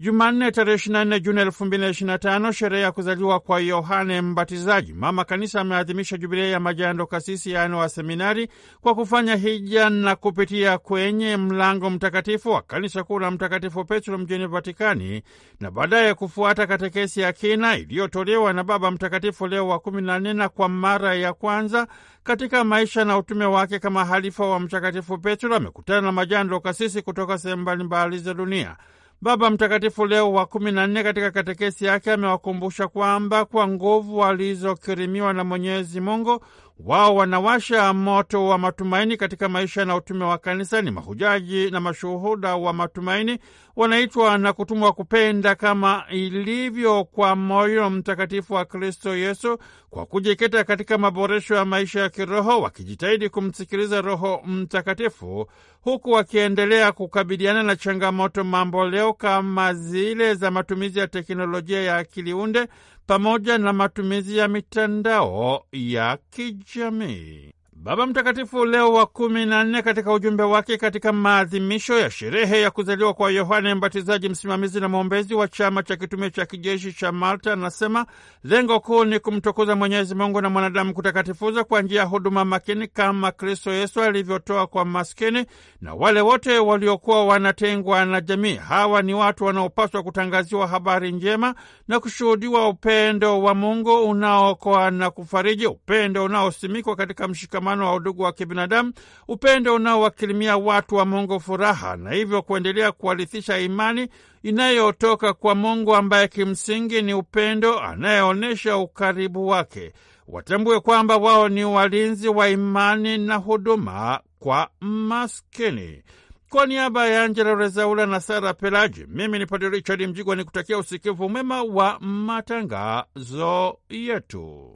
Jumanne tarehe 24 Juni 2025, sherehe ya kuzaliwa kwa Yohane Mbatizaji. Mama Kanisa ameadhimisha jubilei ya majando kasisi, yaani wa seminari, kwa kufanya hija na kupitia kwenye mlango mtakatifu wa kanisa kuu la Mtakatifu Petro mjini Vatikani, na baadaye kufuata katekesi ya kina iliyotolewa na Baba Mtakatifu Leo wa kumi na nne, na kwa mara ya kwanza katika maisha na utume wake kama halifa wa Mtakatifu Petro amekutana na majando kasisi kutoka sehemu mbalimbali za dunia. Baba Mtakatifu Leo wa kumi na nne katika katekesi yake amewakumbusha kwamba kwa nguvu walizokirimiwa na Mwenyezi Mungu wao wanawasha moto wa matumaini katika maisha na utume wa kanisa. Ni mahujaji na mashuhuda wa matumaini, wanaitwa na kutumwa kupenda kama ilivyo kwa moyo mtakatifu wa Kristo Yesu, kwa kujikita katika maboresho ya maisha ya kiroho, wakijitahidi kumsikiliza Roho Mtakatifu, huku wakiendelea kukabiliana na changamoto mambo leo kama zile za matumizi ya teknolojia ya akili unde pamoja na matumizi ya mitandao ya kijamii. Baba Mtakatifu Leo wa kumi na nne katika ujumbe wake katika maadhimisho ya sherehe ya kuzaliwa kwa Yohane Mbatizaji, msimamizi na mwombezi wa chama cha kitume cha kijeshi cha Malta, anasema lengo kuu ni kumtukuza Mwenyezi Mungu na mwanadamu, kutakatifuza kwa njia ya huduma makini kama Kristo Yesu alivyotoa kwa maskini na wale wote waliokuwa wanatengwa na jamii. Hawa ni watu wanaopaswa kutangaziwa habari njema na kushuhudiwa upendo wa Mungu unaokoa na kufariji, upendo unaosimikwa katika mshikamano mshikamano wa udugu wa kibinadamu, upendo unaowakilimia watu wa Mungu furaha, na hivyo kuendelea kuwarithisha imani inayotoka kwa Mungu ambaye kimsingi ni upendo, anayeonyesha ukaribu wake. Watambue kwamba wao ni walinzi wa imani na huduma kwa maskini. Kwa niaba ya Angela Rezaula na Sara Pelaji, mimi ni Padre Richard Mjigwa ni kutakia usikivu mwema wa matangazo yetu.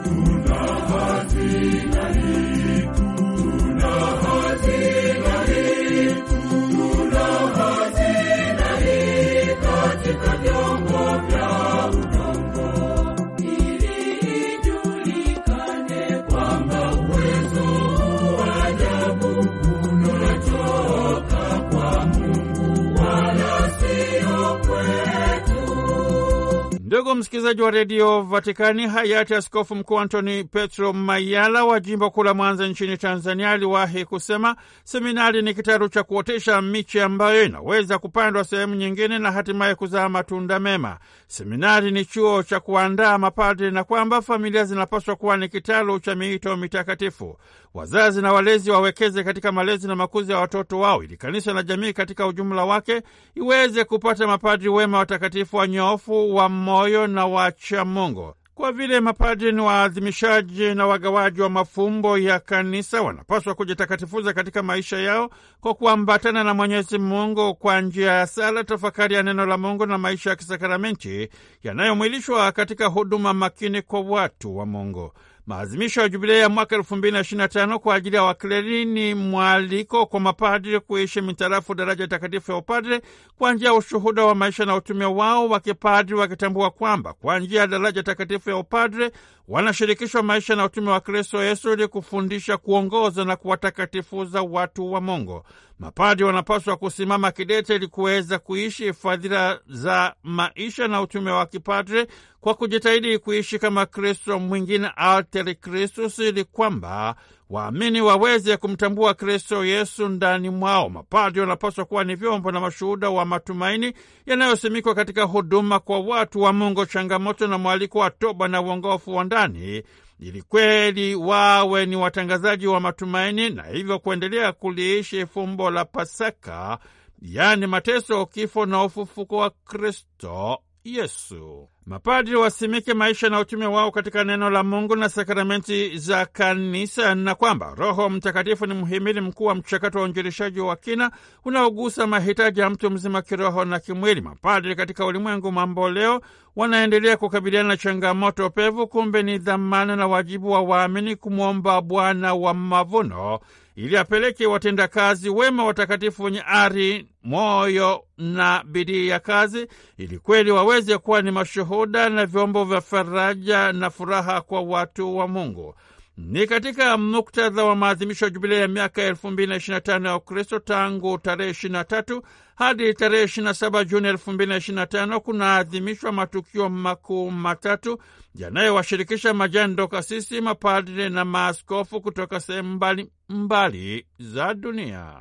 msikilizaji wa redio Vatikani, hayati Askofu Mkuu Antoni Petro Mayala wa jimbo kuu la Mwanza nchini Tanzania aliwahi kusema, seminari ni kitaru cha kuotesha miche ambayo inaweza kupandwa sehemu nyingine na hatimaye kuzaa matunda mema. Seminari ni chuo cha kuandaa mapadri na kwamba familia zinapaswa kuwa ni kitalu cha miito mitakatifu. Wazazi na walezi wawekeze katika malezi na makuzi ya watoto wao, ili kanisa na jamii katika ujumla wake iweze kupata mapadri wema, watakatifu, wanyofu wa moyo na Mungu. Kwa vile mapadri ni waadhimishaji na wagawaji wa mafumbo ya kanisa, wanapaswa kujitakatifuza katika maisha yao kwa kuambatana na Mwenyezi Mungu kwa njia ya sala, tafakari ya neno la Mungu na maisha ya kisakaramenti yanayomwilishwa katika huduma makini kwa watu wa Mungu maadhimisho ya jubilei ya mwaka elfu mbili na ishirini na tano kwa ajili ya wakleri ni mwaliko kwa mapadri kuishi mitarafu daraja takatifu ya upadre kwa njia ya ushuhuda wa maisha na utume wao wa kipadri, wakitambua kwamba kwa njia ya daraja takatifu ya upadre wanashirikishwa maisha na utume wa Kristo Yesu ili kufundisha, kuongoza na kuwatakatifuza watu wa Mungu. Mapadi wanapaswa kusimama kidete ili kuweza kuishi fadhila za maisha na utume wa kipadre kwa kujitahidi kuishi kama Kristo mwingine, alteri Kristus, ili kwamba waamini waweze kumtambua Kristo Yesu ndani mwao. mapadi wanapaswa kuwa ni vyombo na mashuhuda wa matumaini yanayosimikwa katika huduma kwa watu wa Mungu, changamoto na mwaliko wa toba na uongofu wa ndani ili kweli wawe ni watangazaji wa matumaini na hivyo kuendelea kuliishi fumbo la Pasaka, yaani mateso, kifo na ufufuko wa Kristo. Yesu. Mapadri wasimike maisha na utume wao katika neno la Mungu na sakramenti za kanisa, na kwamba Roho Mtakatifu ni mhimili mkuu wa mchakato wa uinjilishaji wa kina unaogusa mahitaji ya mtu mzima kiroho na kimwili. Mapadri katika ulimwengu mambo leo wanaendelea kukabiliana na changamoto pevu, kumbe ni dhamana na wajibu wa waamini kumwomba Bwana wa mavuno ili apeleke watendakazi wema watakatifu wenye ari, moyo na bidii ya kazi, ili kweli waweze kuwa ni mashuhuda na vyombo vya faraja na furaha kwa watu wa Mungu. Ni katika muktadha wa maadhimisho ya jubilei ya miaka 225 ya Ukristo tangu tarehe 23 hadi tarehe 27 Juni 225 kunaadhimishwa matukio makuu matatu yanayowashirikisha majando, kasisi, mapadre na maaskofu kutoka sehemu mbalimbali za dunia.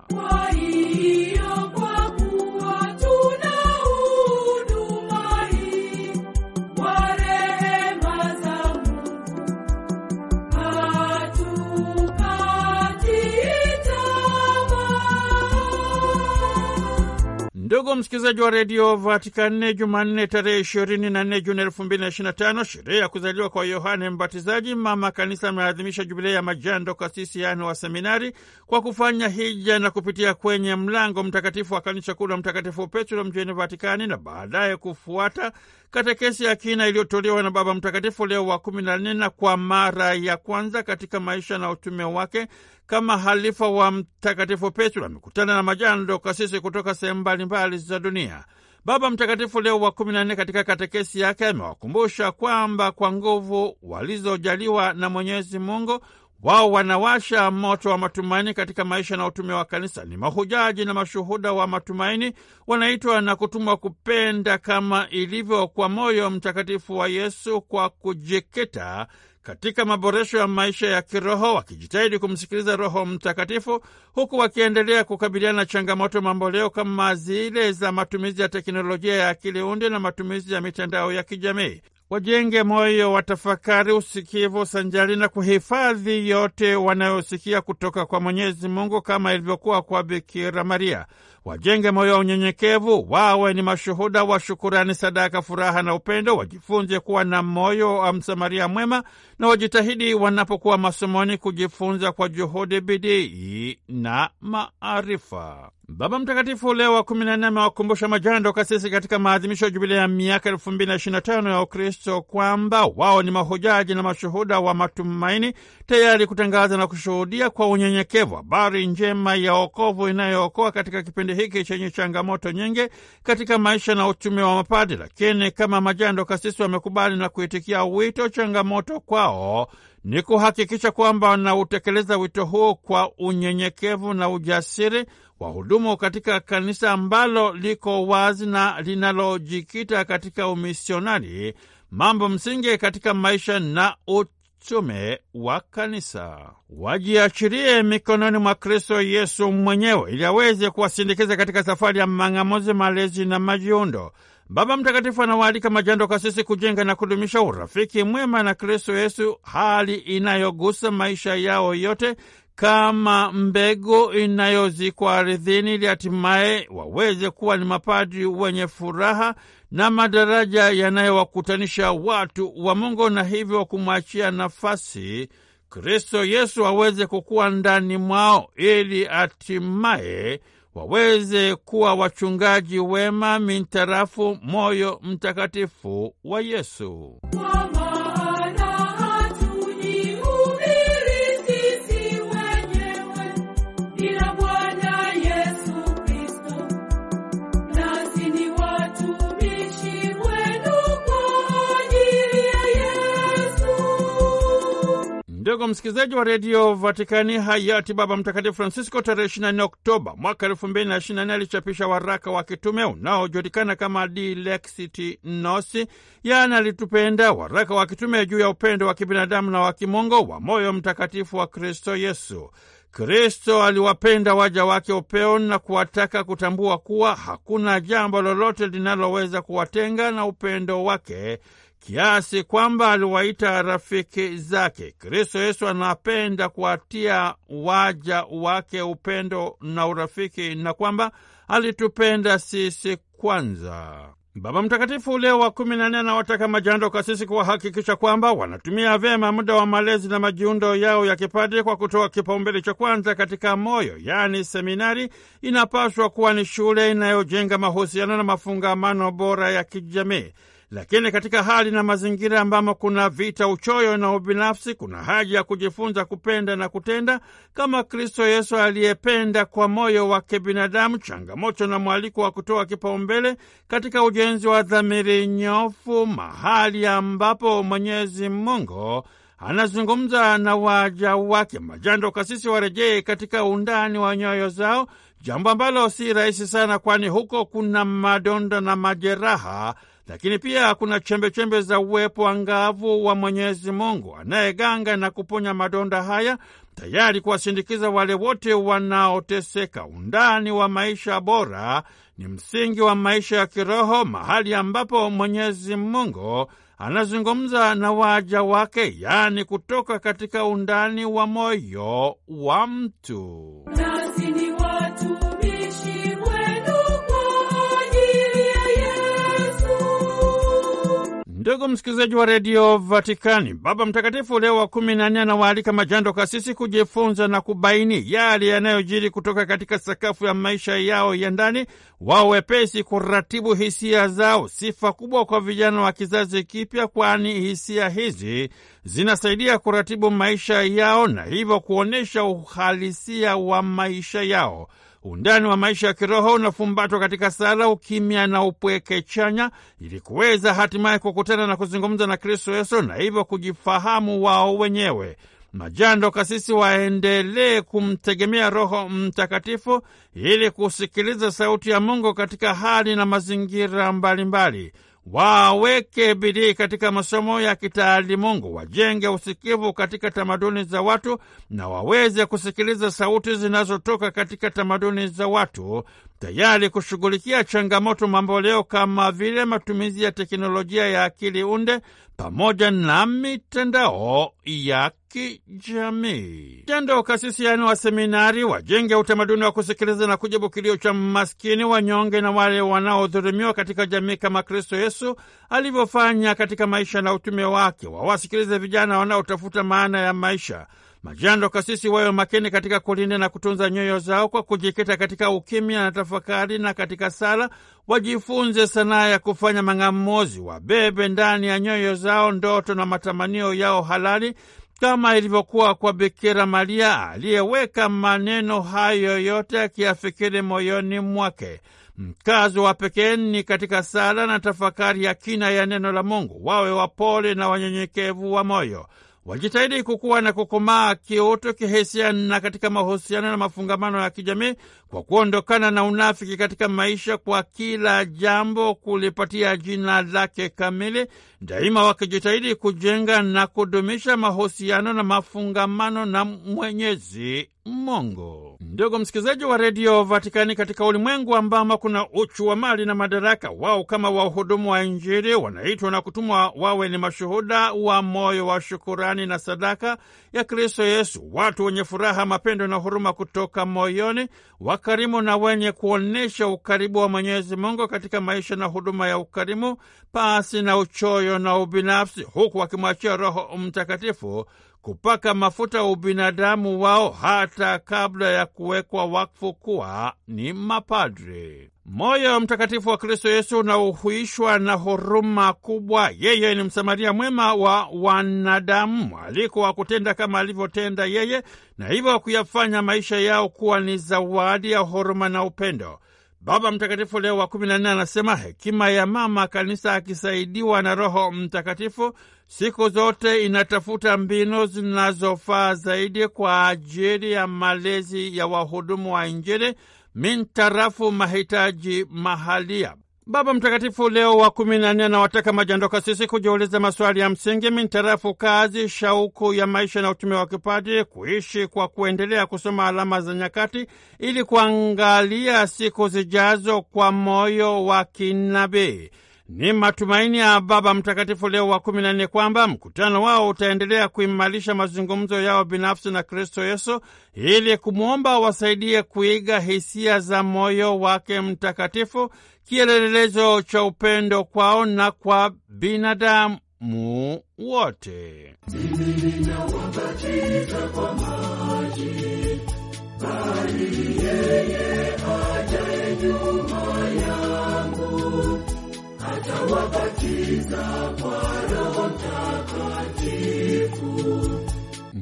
Ndugu msikilizaji wa redio Vatikani, Jumanne tarehe ishirini na nne Juni elfu mbili na ishirini na tano sherehe ya kuzaliwa kwa Yohane Mbatizaji, mama kanisa ameadhimisha jubilei ya majando kasisi, yaani wa seminari, kwa kufanya hija na kupitia kwenye mlango mtakatifu wa kanisa kuu la Mtakatifu Petro mjini Vatikani na baadaye kufuata katekesi ya kina iliyotolewa na Baba Mtakatifu Leo wa kumi na nne na kwa mara ya kwanza katika maisha na utume wake kama halifa wa Mtakatifu Petro amekutana na majando kasisi kutoka sehemu mbalimbali za dunia. Baba Mtakatifu Leo wa kumi na nne katika katekesi yake amewakumbusha kwamba kwa nguvu walizojaliwa na Mwenyezi Mungu wao wanawasha moto wa matumaini katika maisha na utume wa kanisa. Ni mahujaji na mashuhuda wa matumaini, wanaitwa na kutumwa kupenda kama ilivyo kwa moyo mtakatifu wa Yesu, kwa kujikita katika maboresho ya maisha ya kiroho, wakijitahidi kumsikiliza Roho Mtakatifu, huku wakiendelea kukabiliana na changamoto mamboleo kama zile za matumizi ya teknolojia ya akili unde na matumizi ya mitandao ya kijamii wajenge moyo wa tafakari, usikivu sanjari na kuhifadhi yote wanayosikia kutoka kwa Mwenyezi Mungu kama ilivyokuwa kwa Bikira Maria. Wajenge moyo wa unyenyekevu, wawe ni mashuhuda wa shukurani, sadaka, furaha na upendo. Wajifunze kuwa na moyo wa msamaria mwema na wajitahidi wanapokuwa masomoni kujifunza kwa juhudi, bidii na maarifa. Baba Mtakatifu Leo wa kumi na nne amewakumbusha majando kasisi katika maadhimisho ya jubilia ya miaka elfu mbili na na tano ya Ukristo kwamba wao ni mahujaji na mashuhuda wa matumaini, tayari kutangaza na kushuhudia kwa unyenyekevu habari njema ya wokovu inayookoa katika kipindi hiki chenye changamoto nyingi katika maisha na utume wa mapadi. Lakini kama majando kasisi wamekubali na kuitikia wito, changamoto kwao ni kuhakikisha kwamba wanautekeleza wito huo kwa unyenyekevu na ujasiri wahudumu katika kanisa ambalo liko wazi na linalojikita katika umisionari, mambo msingi katika maisha na utume wa kanisa. Wajiachirie mikononi mwa Kristo Yesu mwenyewe ili aweze kuwasindikiza katika safari ya mang'amuzi, malezi na majiundo. Baba Mtakatifu anawaalika majando kasisi kujenga na kudumisha urafiki mwema na Kristo Yesu, hali inayogusa maisha yao yote kama mbegu inayozikwa ardhini ili hatimaye waweze kuwa ni mapadri wenye furaha na madaraja yanayowakutanisha watu wa Mungu na hivyo kumwachia nafasi Kristo Yesu aweze kukuwa ndani mwao ili hatimaye waweze kuwa wachungaji wema mintarafu moyo mtakatifu wa Yesu. ndugu msikilizaji wa redio Vatikani, hayati Baba Mtakatifu Francisco tarehe 24 Oktoba mwaka 2024 alichapisha waraka wa kitume unaojulikana kama Dilexit nosi yaani alitupenda, waraka wa kitume juu ya upendo wa kibinadamu na wa kimungu wa moyo mtakatifu wa Kristo Yesu. Kristo aliwapenda waja wake upeo na kuwataka kutambua kuwa hakuna jambo lolote linaloweza kuwatenga na upendo wake kiasi kwamba aliwaita rafiki zake. Kristo Yesu anapenda kuwatia waja wake upendo na urafiki, na kwamba alitupenda sisi kwanza. Baba Mtakatifu Leo wa kumi na nne anawataka majando kasisi kuwahakikisha kwamba wanatumia vyema muda wa malezi na majiundo yao ya kipadri kwa kutoa kipaumbele cha kwanza katika moyo, yaani seminari inapaswa kuwa ni shule inayojenga mahusiano na mafungamano bora ya kijamii. Lakini katika hali na mazingira ambamo kuna vita, uchoyo na ubinafsi, kuna haja ya kujifunza kupenda na kutenda kama Kristo Yesu aliyependa kwa moyo wa kibinadamu, changamoto na mwaliko wa kutoa kipaumbele katika ujenzi wa dhamiri nyofu, mahali ambapo Mwenyezi Mungu anazungumza na waja wake. Majando kasisi warejee katika undani wa nyoyo zao, jambo ambalo si rahisi sana, kwani huko kuna madonda na majeraha lakini pia kuna chembechembe -chembe za uwepo angavu wa Mwenyezi Mungu anayeganga na kuponya madonda haya, tayari kuwasindikiza wale wote wanaoteseka. Undani wa maisha bora ni msingi wa maisha ya kiroho, mahali ambapo Mwenyezi Mungu anazungumza na waja wake, yaani kutoka katika undani wa moyo wa mtu. Ndugu msikilizaji wa redio Vatikani, Baba Mtakatifu Leo wa kumi na nne anawaalika majando kasisi kujifunza na kubaini yale yanayojiri kutoka katika sakafu ya maisha yao ya ndani, wawepesi kuratibu hisia zao. Sifa kubwa kwa vijana wa kizazi kipya, kwani hisia hizi zinasaidia kuratibu maisha yao na hivyo kuonyesha uhalisia wa maisha yao. Undani wa maisha ya kiroho unafumbatwa katika sala, ukimya na upweke chanya, ili kuweza hatimaye kukutana na kuzungumza na Kristo Yesu na hivyo kujifahamu wao wenyewe. Majando kasisi waendelee kumtegemea Roho Mtakatifu ili kusikiliza sauti ya Mungu katika hali na mazingira mbalimbali mbali waweke bidii katika masomo ya kitaalimungu, wajenge usikivu katika tamaduni za watu na waweze kusikiliza sauti zinazotoka katika tamaduni za watu tayari kushughulikia changamoto mamboleo kama vile matumizi ya teknolojia ya akili unde pamoja na mitandao ya kijamii. Tendo kasisi, yaani wa seminari, wajenge utamaduni wa kusikiliza na kujibu kilio cha maskini, wanyonge na wale wanaodhulumiwa katika jamii kama Kristo Yesu alivyofanya katika maisha na utume wake. Wawasikilize vijana wanaotafuta maana ya maisha. Majando kasisi wawe makini katika kulinda na kutunza nyoyo zao kwa kujikita katika ukimya na tafakari, na katika sala wajifunze sanaa ya kufanya mang'amuzi, wabebe ndani ya nyoyo zao ndoto na matamanio yao halali kama ilivyokuwa kwa Bikira Maria aliyeweka maneno hayo yote akiyafikiri moyoni mwake. Mkazo wa pekee ni katika sala na tafakari ya kina ya neno la Mungu. Wawe wapole na wanyenyekevu wa moyo wajitahidi kukuwa na kukomaa kioto kihisia na katika mahusiano na mafungamano ya kijamii kwa kuondokana na unafiki katika maisha, kwa kila jambo kulipatia jina lake kamili, daima wakijitahidi kujenga na kudumisha mahusiano na mafungamano na Mwenyezi Mungu. Ndugu msikilizaji wa redio Vatikani, katika ulimwengu ambamo kuna uchu wa mali na madaraka, wao kama wahudumu wa Injili wanaitwa na kutumwa wawe ni mashuhuda wa moyo wa shukurani na sadaka ya Kristo Yesu, watu wenye furaha, mapendo na huruma kutoka moyoni wa wakarimu na wenye kuonyesha ukaribu wa Mwenyezi Mungu katika maisha na huduma ya ukarimu, pasi na uchoyo na ubinafsi, huku akimwachia Roho Mtakatifu kupaka mafuta ubinadamu wao hata kabla ya kuwekwa wakfu kuwa ni mapadri. Moyo mtakatifu wa Kristo Yesu unaohuishwa na huruma kubwa. Yeye ni msamaria mwema wa wanadamu, mwaliko wa kutenda kama alivyotenda yeye, na hivyo kuyafanya maisha yao kuwa ni zawadi ya huruma na upendo. Baba Mtakatifu Leo wa kumi na nne anasema hekima ya mama kanisa akisaidiwa na Roho Mtakatifu siku zote inatafuta mbinu zinazofaa zaidi kwa ajili ya malezi ya wahudumu wa Injili mintarafu mahitaji mahalia. Baba Mtakatifu Leo wa kumi na nne anawataka majandoka sisi kujiuliza maswali ya msingi mintarafu kazi, shauku ya maisha na utume wa kipadri, kuishi kwa kuendelea kusoma alama za nyakati ili kuangalia siku zijazo kwa moyo wa kinabii. Ni matumaini ya Baba Mtakatifu Leo wa kumi na nne kwamba mkutano wao utaendelea kuimarisha mazungumzo yao binafsi na Kristo Yesu ili kumwomba wasaidie kuiga hisia za moyo wake mtakatifu, kielelezo cha upendo kwao na kwa binadamu wote.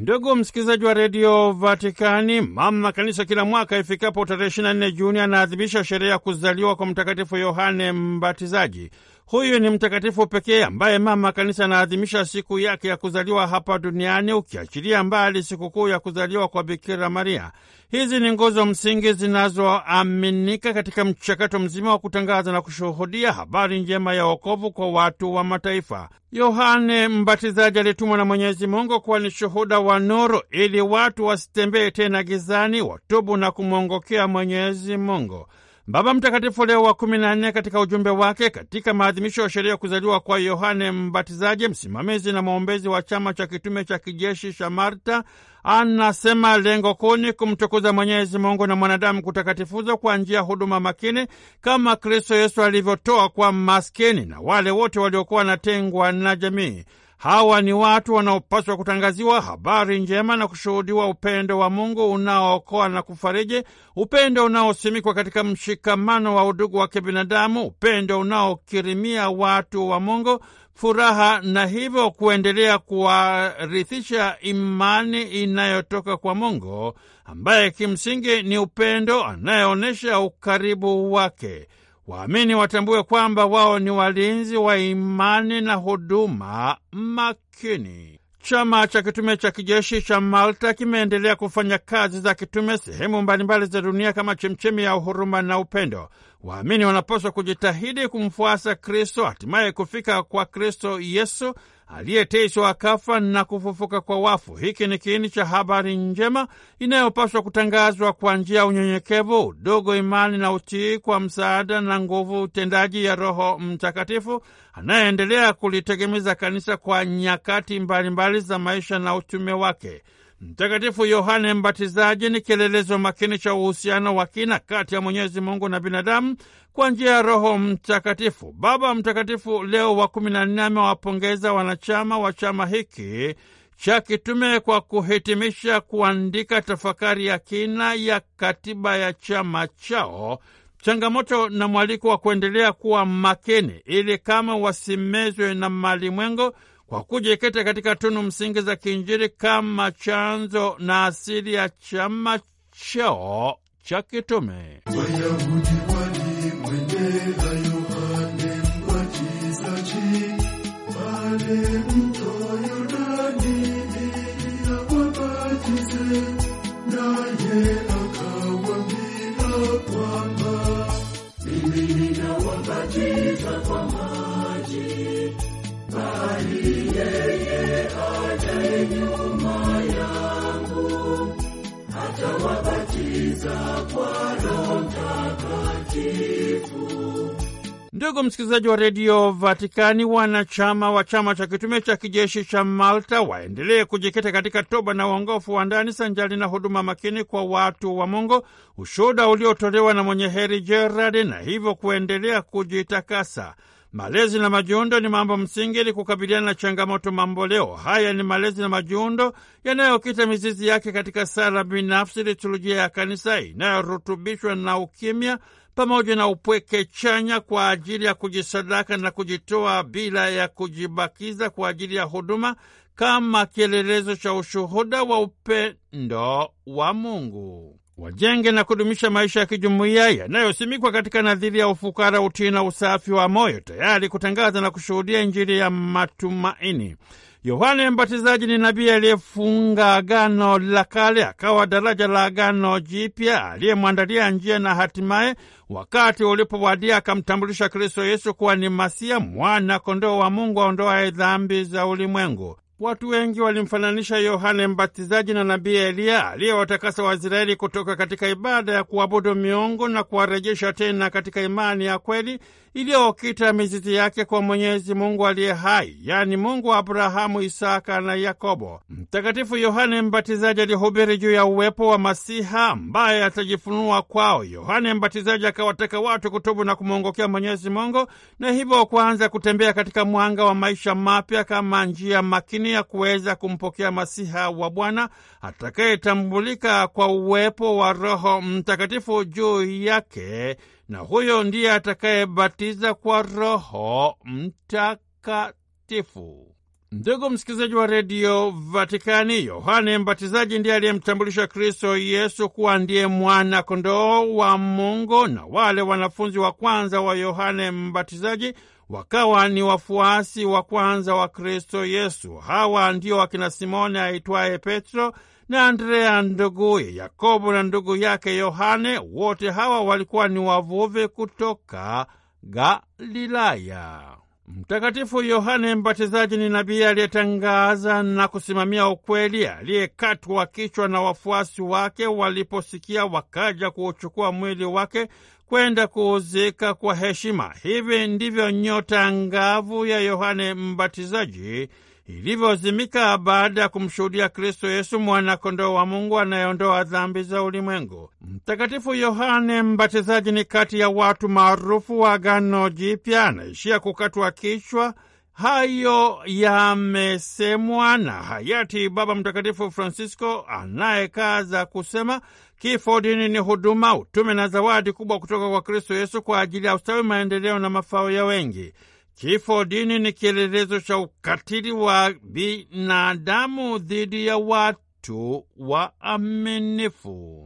Ndugu msikilizaji wa redio Vatikani, mama kanisa kila mwaka ifikapo tarehe 24 Juni anaadhimisha sherehe ya kuzaliwa kwa Mtakatifu Yohane Mbatizaji. Huyu ni mtakatifu pekee ambaye mama kanisa anaadhimisha siku yake ya kuzaliwa hapa duniani, ukiachilia mbali sikukuu ya kuzaliwa kwa Bikira Maria. Hizi ni nguzo msingi zinazoaminika katika mchakato mzima wa kutangaza na kushuhudia habari njema ya wokovu kwa watu wa mataifa. Yohane Mbatizaji alitumwa na Mwenyezi Mungu kuwa ni shuhuda wa nuru, ili watu wasitembee tena gizani, watubu na kumwongokea Mwenyezi Mungu. Baba Mtakatifu Leo wa kumi na nne katika ujumbe wake katika maadhimisho ya sherehe ya kuzaliwa kwa Yohane Mbatizaji, msimamizi na mwombezi wa chama cha kitume cha kijeshi cha Marta, anasema lengo kuu ni kumtukuza Mwenyezi Mungu na mwanadamu kutakatifuzwa kwa njia ya huduma makini kama Kristo Yesu alivyotoa kwa maskini na wale wote waliokuwa wanatengwa na jamii. Hawa ni watu wanaopaswa kutangaziwa habari njema na kushuhudiwa upendo wa Mungu unaookoa na kufariji, upendo unaosimikwa katika mshikamano wa udugu wa kibinadamu, upendo unaokirimia watu wa Mungu furaha na hivyo kuendelea kuwarithisha imani inayotoka kwa Mungu ambaye kimsingi ni upendo anayeonyesha ukaribu wake. Waamini watambue kwamba wao ni walinzi wa imani na huduma makini. Chama cha kitume cha kijeshi cha Malta kimeendelea kufanya kazi za kitume sehemu mbalimbali za dunia kama chemchemi ya uhuruma na upendo. Waamini wanapaswa kujitahidi kumfuasa Kristo, hatimaye kufika kwa Kristo Yesu aliyeteswa akafa na kufufuka kwa wafu. Hiki ni kiini cha habari njema inayopaswa kutangazwa kwa njia ya unyenyekevu, udogo, imani na utii, kwa msaada na nguvu utendaji ya Roho Mtakatifu anayeendelea kulitegemeza kanisa kwa nyakati mbalimbali za maisha na utume wake. Mtakatifu Yohane Mbatizaji ni kielelezo makini cha uhusiano wa kina kati ya Mwenyezi Mungu na binadamu kwa njia ya Roho Mtakatifu. Baba Mtakatifu Leo wa kumi na nne amewapongeza wanachama wa chama hiki cha kitume kwa kuhitimisha kuandika tafakari ya kina ya katiba ya chama chao, changamoto na mwaliko wa kuendelea kuwa makini ili kama wasimezwe na malimwengo kwa kujikita katika tunu msingi za kiinjili kama chanzo na asili ya chama chao cha kitume. Ndugu msikilizaji wa redio Vatikani, wanachama wa chama cha kitume cha kijeshi cha Malta waendelee kujikita katika toba na uongofu wa ndani sanjali na huduma makini kwa watu wa Mungu, ushuhuda uliotolewa na mwenye heri Gerard, na hivyo kuendelea kujitakasa. Malezi na majiundo ni mambo msingi ili kukabiliana na changamoto mamboleo. Haya ni malezi na majiundo yanayokita mizizi yake katika sala binafsi, liturujia ya kanisa inayorutubishwa na ukimya pamoja na upweke chanya kwa ajili ya kujisadaka na kujitoa bila ya kujibakiza kwa ajili ya huduma kama kielelezo cha ushuhuda wa upendo wa Mungu wajenge na kudumisha maisha ya kijumuiya yanayosimikwa katika nadhiri ya ufukara, utii na usafi wa moyo, tayari kutangaza na kushuhudia Injili ya matumaini. Yohane Mbatizaji ni nabii aliyefunga Agano la Kale, akawa daraja la Agano Jipya, aliyemwandalia njia na hatimaye wakati ulipowadia akamtambulisha Kristo Yesu kuwa ni Masia, mwana kondoo wa Mungu aondoaye dhambi za ulimwengu. Watu wengi walimfananisha Yohane Mbatizaji na nabii Eliya aliyewatakasa Waisraeli kutoka katika ibada ya kuabudu miungu na kuwarejesha tena katika imani ya kweli iliyokita mizizi yake kwa Mwenyezi Mungu aliye hai, yaani Mungu wa Abrahamu, Isaka na Yakobo. Mtakatifu Yohane Mbatizaji alihubiri juu ya uwepo wa Masiha ambaye atajifunua kwao. Yohane Mbatizaji akawataka watu kutubu na kumwongokea Mwenyezi Mungu na hivyo kuanza kutembea katika mwanga wa maisha mapya kama njia makini ya kuweza kumpokea Masiha wa Bwana atakayetambulika kwa uwepo wa Roho Mtakatifu juu yake na huyo ndiye atakayebatiza kwa Roho Mtakatifu. Ndugu msikilizaji wa redio Vatikani, Yohane Mbatizaji ndiye aliyemtambulisha Kristo Yesu kuwa ndiye mwana kondoo wa Mungu, na wale wanafunzi wa kwanza wa Yohane Mbatizaji wakawa ni wafuasi wa kwanza wa Kristo Yesu. Hawa ndio akina Simoni aitwaye Petro, na Andrea nduguye Yakobo na ndugu yake Yohane. Wote hawa walikuwa ni wavuvi kutoka Galilaya. Mtakatifu Yohane Mbatizaji ni nabii aliyetangaza na kusimamia ukweli, aliyekatwa kichwa na wafuasi wake waliposikia, wakaja kuuchukua mwili wake kwenda kuuzika kwa heshima. Hivi ndivyo nyota angavu ya Yohane Mbatizaji ilivyozimika baada ya kumshuhudia Kristo Yesu mwanakondoo wa Mungu anayeondoa dhambi za ulimwengu. Mtakatifu Yohane Mbatizaji ni kati ya watu maarufu wa Agano Jipya, anaishia kukatwa kichwa. Hayo yamesemwa na hayati Baba Mtakatifu Francisco anayekaza kusema kifo, dini ni huduma, utume na zawadi kubwa kutoka kwa Kristo Yesu kwa ajili ya ustawi, maendeleo na mafao ya wengi. Kifo dini ni kielelezo cha ukatili wa binadamu dhidi ya watu wa waaminifu.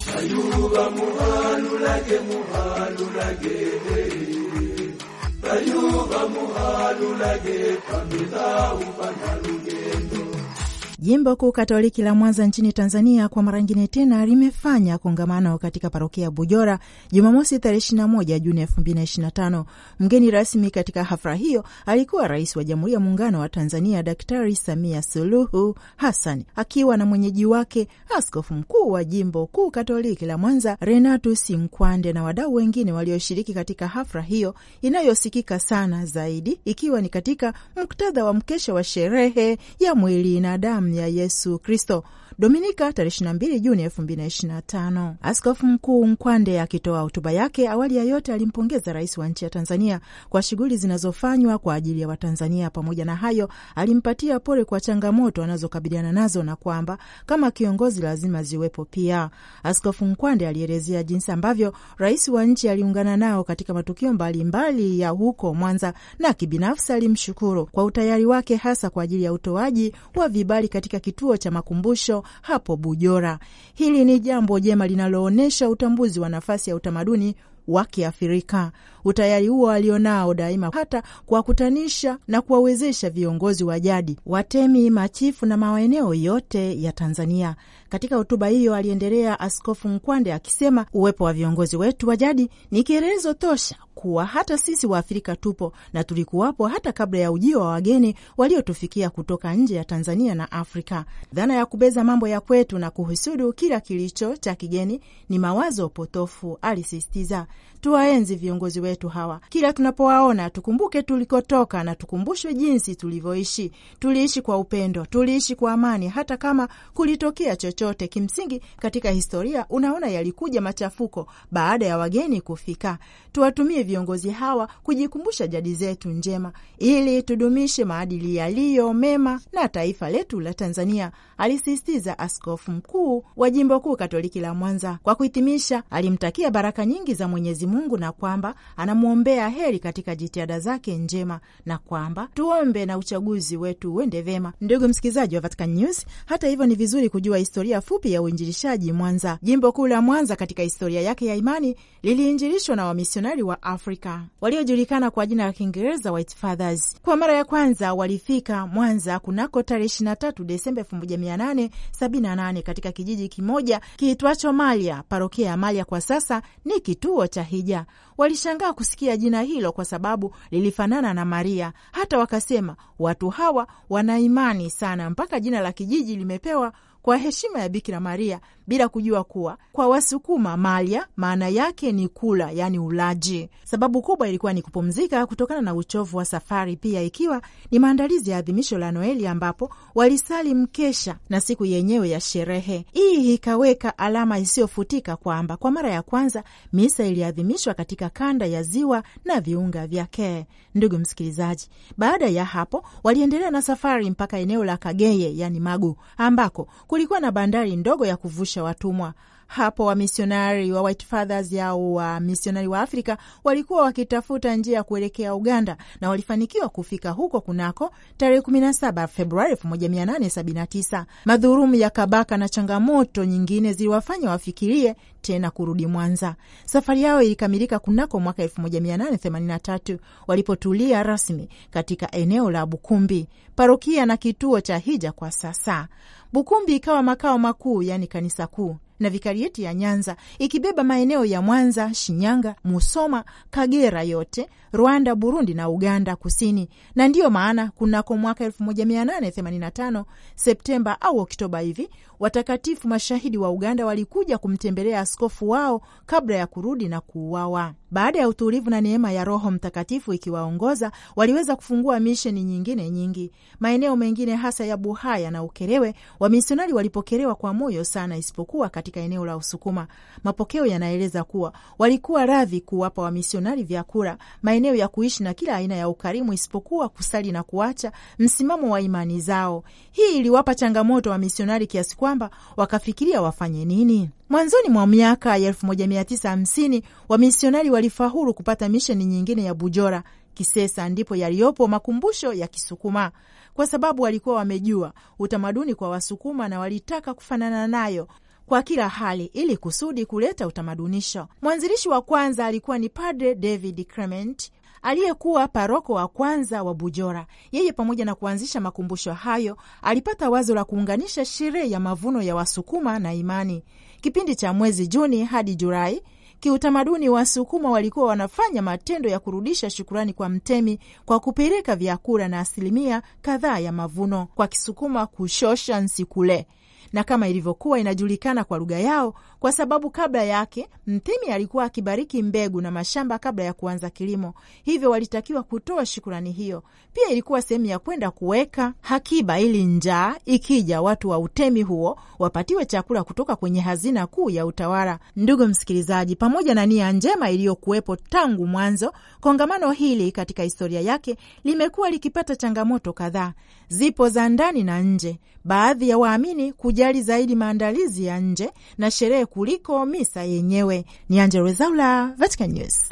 Jimbo Kuu Katoliki la Mwanza nchini Tanzania kwa mara nyingine tena limefanya kongamano katika parokia ya Bujora Jumamosi 21 Juni 2025. Mgeni rasmi katika hafla hiyo alikuwa Rais wa Jamhuri ya Muungano wa Tanzania Daktari Samia Suluhu Hassan akiwa na mwenyeji wake Askofu Mkuu wa Jimbo Kuu Katoliki la Mwanza Renatus Nkwande na wadau wengine walioshiriki katika hafla hiyo inayosikika sana zaidi ikiwa ni katika muktadha wa mkesha wa sherehe ya mwili na damu damu ya Yesu Kristo. Dominika 22 Juni 2025. Askofu Mkuu Nkwande akitoa hotuba yake, awali ya yote alimpongeza Rais wa nchi ya Tanzania kwa shughuli zinazofanywa kwa ajili ya Watanzania. Pamoja na hayo, alimpatia pole kwa changamoto anazokabiliana nazo na kwamba kama kiongozi lazima ziwepo pia. Askofu Nkwande alielezea jinsi ambavyo rais wa nchi aliungana nao katika matukio mbalimbali mbali ya huko Mwanza, na kibinafsi alimshukuru kwa utayari wake hasa kwa ajili ya utoaji wa vibali katika kituo cha makumbusho hapo Bujora. Hili ni jambo jema linaloonyesha utambuzi wa nafasi ya utamaduni wa Kiafrika, utayari huo alionao daima, hata kuwakutanisha na kuwawezesha viongozi wa jadi, watemi, machifu na maeneo yote ya Tanzania. Katika hotuba hiyo aliendelea Askofu Mkwande akisema uwepo wa viongozi wetu wa jadi ni kielelezo tosha kuwa hata sisi Afrika tupo na tulikuwapo hata kabla ya ujio wa wageni waliotufikia kutoka nje ya Tanzania na Afrika. Dhana ya kubeza mambo ya kwetu na kuhusudu kila kilicho cha kigeni ni mawazo potofu, alisisitiza. Tuwaenzi viongozi wetu hawa. Kila tunapowaona tukumbuke tulikotoka na tukumbushwe jinsi tulivyoishi. Tuliishi kwa upendo, tuliishi kwa amani, hata kama kulitokea chochote. Kimsingi katika historia unaona yalikuja machafuko baada ya wageni kufika. Tuwatumie viongozi hawa kujikumbusha jadi zetu njema, ili tudumishe maadili yaliyo mema na taifa letu la Tanzania, alisisitiza askofu mkuu wa jimbo kuu katoliki la Mwanza. Kwa kuhitimisha, alimtakia baraka nyingi za mwenye Mwenyezi Mungu na kwamba anamwombea heri katika jitihada zake njema na kwamba tuombe na uchaguzi wetu uende vema. Ndugu msikilizaji wa Vatican News, hata hivyo ni vizuri kujua historia fupi ya uinjilishaji Mwanza. Jimbo kuu la Mwanza katika historia yake ya imani liliinjilishwa na wamisionari wa Afrika waliojulikana kwa jina la Kiingereza White Fathers. Kwa mara ya kwanza walifika Mwanza kunako tarehe 23 Desemba 1878 katika kijiji kimoja kiitwacho Malia, parokia ya Malia kwa sasa ni kituo hija. Walishangaa kusikia jina hilo kwa sababu lilifanana na Maria, hata wakasema watu hawa wana imani sana mpaka jina la kijiji limepewa kwa heshima ya Bikira Maria bila kujua kuwa kwa Wasukuma malya maana yake ni kula, yaani ulaji. Sababu kubwa ilikuwa ni kupumzika kutokana na uchovu wa safari, pia ikiwa ni maandalizi ya adhimisho la Noeli ambapo walisali mkesha na siku yenyewe ya sherehe. Hii ikaweka alama isiyofutika kwamba kwa mara ya kwanza misa iliadhimishwa katika kanda ya ziwa na viunga vyake. Ndugu msikilizaji, baada ya hapo waliendelea na safari mpaka eneo la Kageye, yani Magu, ambako kulikuwa na bandari ndogo ya kuvusha watumwa. Hapo wamisionari wa White Fathers au wamisionari wa Afrika walikuwa wakitafuta njia ya kuelekea Uganda na walifanikiwa kufika huko kunako tarehe 17 Februari 1879. Madhurumu ya Kabaka na changamoto nyingine ziliwafanya wafikirie tena kurudi Mwanza. Safari yao ilikamilika kunako mwaka 1883 walipotulia rasmi katika eneo la Bukumbi, parokia na kituo cha hija kwa sasa. Bukumbi ikawa makao makuu, yaani kanisa kuu na vikarieti ya Nyanza ikibeba maeneo ya Mwanza, Shinyanga, Musoma, Kagera yote, Rwanda, Burundi na Uganda Kusini. Na ndiyo maana kunako mwaka 1885 Septemba au Oktoba hivi, watakatifu mashahidi wa Uganda walikuja kumtembelea askofu wao kabla ya kurudi na kuuawa. Baada ya utulivu na neema ya Roho Mtakatifu ikiwaongoza, waliweza kufungua misheni nyingine nyingi. Maeneo mengine hasa ya Buhaya na Ukerewe, wamisionari walipokelewa kwa moyo sana, isipokuwa katika eneo la Usukuma. Mapokeo yanaeleza kuwa walikuwa radhi kuwapa wamisionari vyakula, maeneo ya kuishi na kila aina ya ukarimu, isipokuwa kusali na kuacha msimamo wa imani zao. Hii iliwapa changamoto wamisionari kiasi kwamba wakafikiria wafanye nini. Mwanzoni mwa miaka ya 1950 wamisionari walifaulu kupata misheni nyingine ya Bujora Kisesa, ndipo yaliyopo makumbusho ya Kisukuma, kwa sababu walikuwa wamejua utamaduni kwa Wasukuma na walitaka kufanana nayo kwa kila hali ili kusudi kuleta utamadunisho. Mwanzilishi wa kwanza alikuwa ni Padre David Clement aliyekuwa paroko wa kwanza wa Bujora. Yeye pamoja na kuanzisha makumbusho hayo alipata wazo la kuunganisha sherehe ya mavuno ya Wasukuma na imani. Kipindi cha mwezi Juni hadi Julai, kiutamaduni Wasukuma walikuwa wanafanya matendo ya kurudisha shukurani kwa mtemi kwa kupeleka vyakula na asilimia kadhaa ya mavuno, kwa Kisukuma kushosha nsikule na kama ilivyokuwa inajulikana kwa lugha yao, kwa sababu kabla yake Mtemi alikuwa akibariki mbegu na mashamba kabla ya kuanza kilimo, hivyo walitakiwa kutoa shukurani hiyo. Pia ilikuwa sehemu ya kwenda kuweka hakiba, ili njaa ikija, watu wa Utemi huo wapatiwe chakula kutoka kwenye hazina kuu ya utawala. Ndugu msikilizaji, pamoja na nia njema iliyokuwepo tangu mwanzo, kongamano hili katika historia yake limekuwa likipata changamoto kadhaa, zipo za ndani na nje. Baadhi ya waamini kuja kujali zaidi maandalizi ya nje na sherehe kuliko misa yenyewe. Ni Angella Rwezaula, Vatican News.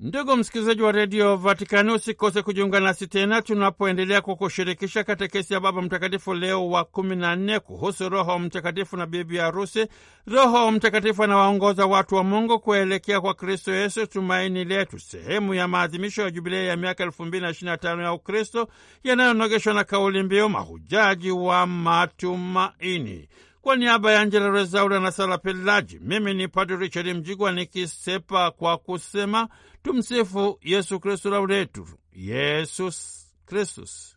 Ndugu msikilizaji wa redio Vatikani, usikose kujiunga nasi tena tunapoendelea kukushirikisha katekesi ya Baba Mtakatifu Leo wa kumi na nne kuhusu Roho Mtakatifu na bibi harusi. Roho Mtakatifu anawaongoza watu wa Mungu kuelekea kwa Kristo Yesu, tumaini letu, sehemu ya maadhimisho ya jubilei ya miaka elfu mbili na ishirini na tano ya Ukristo yanayonogeshwa na kauli mbiu mahujaji wa matumaini. Kwa niaba ya Angela Rezaura na Sala Pelaji, mimi ni Padri Richard Mjigwa nikisepa kwa kusema Tumsifu Yesu Kristu, laudetur Yesus Kristus.